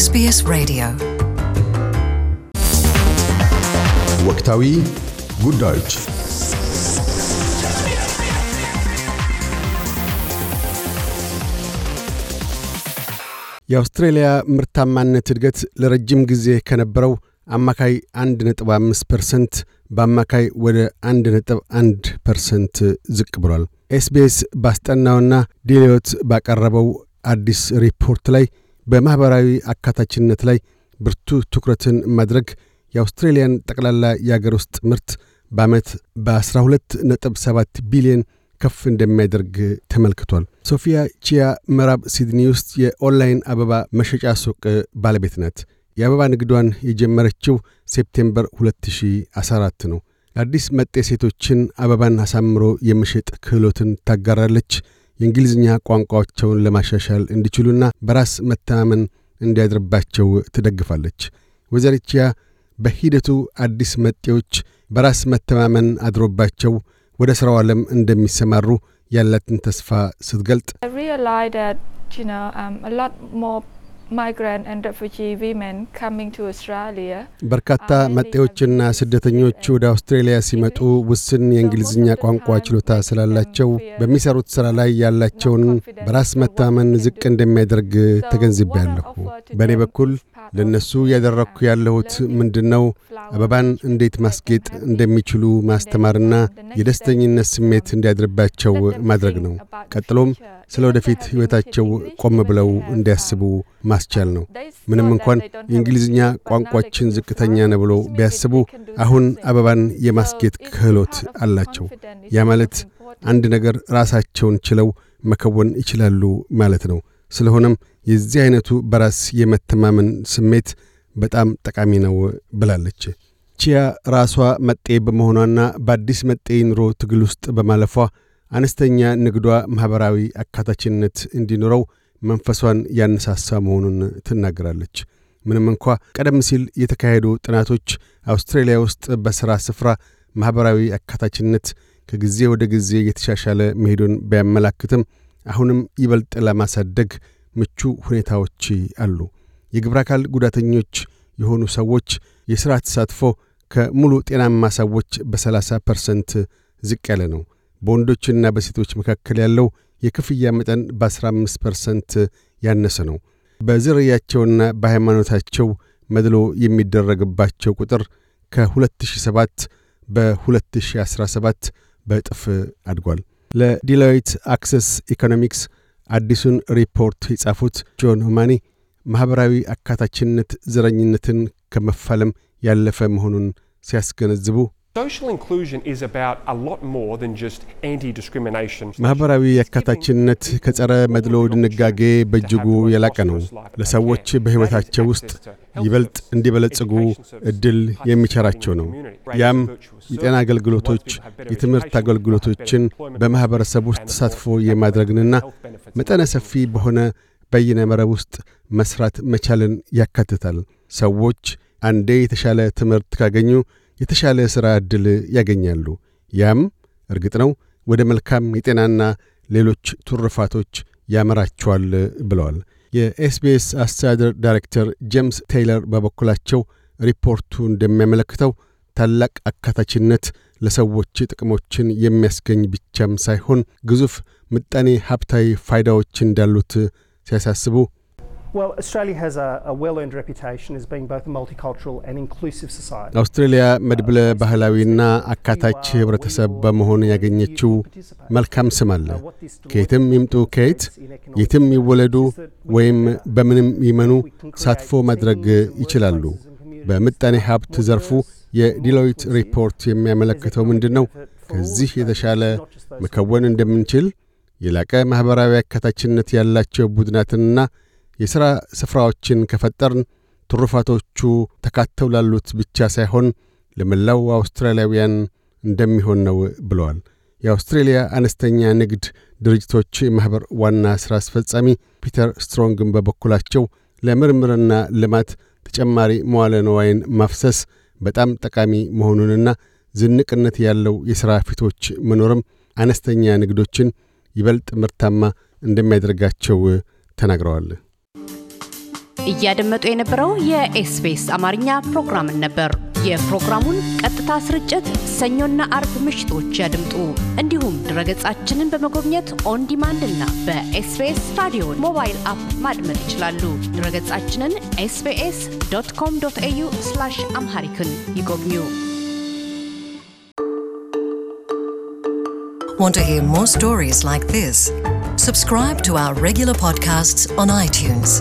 ኤስቢኤስ Radio ወቅታዊ ጉዳዮች የአውስትሬልያ ምርታማነት እድገት ለረጅም ጊዜ ከነበረው አማካይ 1.5 ፐርሰንት በአማካይ ወደ 1.1 ፐርሰንት ዝቅ ብሏል። ኤስቢኤስ ባስጠናውና ዲሌዮት ባቀረበው አዲስ ሪፖርት ላይ በማኅበራዊ አካታችነት ላይ ብርቱ ትኩረትን ማድረግ የአውስትሬልያን ጠቅላላ የአገር ውስጥ ምርት በዓመት በ 7 ቢሊዮን ከፍ እንደሚያደርግ ተመልክቷል። ሶፊያ ቺያ ምዕራብ ሲድኒ ውስጥ የኦንላይን አበባ መሸጫ ሱቅ ባለቤት ናት። የአበባ ንግዷን የጀመረችው ሴፕቴምበር 2014 ነው። ለአዲስ መጤ ሴቶችን አበባን አሳምሮ የመሸጥ ክህሎትን ታጋራለች። የእንግሊዝኛ ቋንቋቸውን ለማሻሻል እንዲችሉና በራስ መተማመን እንዲያድርባቸው ትደግፋለች። ወዘርቻ በሂደቱ አዲስ መጤዎች በራስ መተማመን አድሮባቸው ወደ ሥራው ዓለም እንደሚሰማሩ ያላትን ተስፋ ስትገልጥ በርካታ መጤዎችና ስደተኞች ወደ አውስትራሊያ ሲመጡ ውስን የእንግሊዝኛ ቋንቋ ችሎታ ስላላቸው በሚሰሩት ሥራ ላይ ያላቸውን በራስ መተማመን ዝቅ እንደሚያደርግ ተገንዝቤያለሁ። በእኔ በኩል ለእነሱ እያደረግኩ ያለሁት ምንድን ነው? አበባን እንዴት ማስጌጥ እንደሚችሉ ማስተማርና የደስተኝነት ስሜት እንዲያድርባቸው ማድረግ ነው። ቀጥሎም ስለ ወደፊት ሕይወታቸው ቆም ብለው uh, እንዲያስቡ ማ ማስቻል ነው። ምንም እንኳን የእንግሊዝኛ ቋንቋችን ዝቅተኛ ነው ብሎ ቢያስቡ አሁን አበባን የማስጌጥ ክህሎት አላቸው። ያ ማለት አንድ ነገር ራሳቸውን ችለው መከወን ይችላሉ ማለት ነው። ስለሆነም የዚህ አይነቱ በራስ የመተማመን ስሜት በጣም ጠቃሚ ነው ብላለች። ቺያ ራሷ መጤ በመሆኗና በአዲስ መጤ ኑሮ ትግል ውስጥ በማለፏ አነስተኛ ንግዷ ማኅበራዊ አካታችነት እንዲኖረው መንፈሷን ያነሳሳ መሆኑን ትናገራለች። ምንም እንኳ ቀደም ሲል የተካሄዱ ጥናቶች አውስትራሊያ ውስጥ በሥራ ስፍራ ማኅበራዊ አካታችነት ከጊዜ ወደ ጊዜ የተሻሻለ መሄዱን ቢያመላክትም አሁንም ይበልጥ ለማሳደግ ምቹ ሁኔታዎች አሉ። የግብረ አካል ጉዳተኞች የሆኑ ሰዎች የሥራ ተሳትፎ ከሙሉ ጤናማ ሰዎች በ30 ፐርሰንት ዝቅ ያለ ነው። በወንዶችና በሴቶች መካከል ያለው የክፍያ መጠን በ15 ፐርሰንት ያነሰ ነው። በዝርያቸውና በሃይማኖታቸው መድሎ የሚደረግባቸው ቁጥር ከ2007 በ2017 በእጥፍ አድጓል። ለዲሎይት አክሰስ ኢኮኖሚክስ አዲሱን ሪፖርት የጻፉት ጆን ሆማኒ ማኅበራዊ አካታችነት ዘረኝነትን ከመፋለም ያለፈ መሆኑን ሲያስገነዝቡ ማህበራዊ አካታችነት ከጸረ መድሎ ድንጋጌ በእጅጉ የላቀ ነው። ለሰዎች በሕይወታቸው ውስጥ ይበልጥ እንዲበለጽጉ እድል የሚቸራቸው ነው። ያም የጤና አገልግሎቶች፣ የትምህርት አገልግሎቶችን በማኅበረሰብ ውስጥ ተሳትፎ የማድረግንና መጠነ ሰፊ በሆነ በይነ መረብ ውስጥ መሥራት መቻልን ያካትታል። ሰዎች አንዴ የተሻለ ትምህርት ካገኙ የተሻለ ሥራ ዕድል ያገኛሉ። ያም እርግጥ ነው ወደ መልካም የጤናና ሌሎች ቱርፋቶች ያመራቸዋል ብለዋል። የኤስቢኤስ አስተዳደር ዳይሬክተር ጄምስ ቴይለር በበኩላቸው ሪፖርቱ እንደሚያመለክተው ታላቅ አካታችነት ለሰዎች ጥቅሞችን የሚያስገኝ ብቻም ሳይሆን ግዙፍ ምጣኔ ሀብታዊ ፋይዳዎች እንዳሉት ሲያሳስቡ አውስትራሊያ መድብለ uh, ባህላዊና አካታች ህብረተሰብ በመሆን ያገኘችው መልካም ስም አለ። ከየትም ይምጡ ከየት የትም ይወለዱ ወይም በምንም ይመኑ ሳትፎ ማድረግ ይችላሉ። በምጣኔ ሀብት ዘርፉ የዲሎይት ሪፖርት የሚያመለክተው ምንድን ነው? ከዚህ የተሻለ መከወን እንደምንችል የላቀ ማኅበራዊ አካታችነት ያላቸው ቡድናትንና የሥራ ስፍራዎችን ከፈጠርን ትሩፋቶቹ ተካተው ላሉት ብቻ ሳይሆን ለመላው አውስትራሊያውያን እንደሚሆን ነው ብለዋል። የአውስትሬልያ አነስተኛ ንግድ ድርጅቶች ማኅበር ዋና ሥራ አስፈጻሚ ፒተር ስትሮንግን በበኩላቸው ለምርምርና ልማት ተጨማሪ መዋለ ማፍሰስ በጣም ጠቃሚ መሆኑንና ዝንቅነት ያለው የሥራ ፊቶች መኖርም አነስተኛ ንግዶችን ይበልጥ ምርታማ እንደሚያደርጋቸው ተናግረዋል። እያደመጡ የነበረው የኤስቢኤስ አማርኛ ፕሮግራምን ነበር። የፕሮግራሙን ቀጥታ ስርጭት ሰኞና አርብ ምሽቶች ያድምጡ። እንዲሁም ድረገጻችንን በመጎብኘት ኦን ዲማንድ እና በኤስቢኤስ ራዲዮን ሞባይል አፕ ማድመጥ ይችላሉ። ድረገጻችንን ኤስቢኤስ ዶት ኮም ዶት ኤዩ አምሃሪክን ይጎብኙ። Want to hear more stories like this? Subscribe to our regular podcasts on iTunes.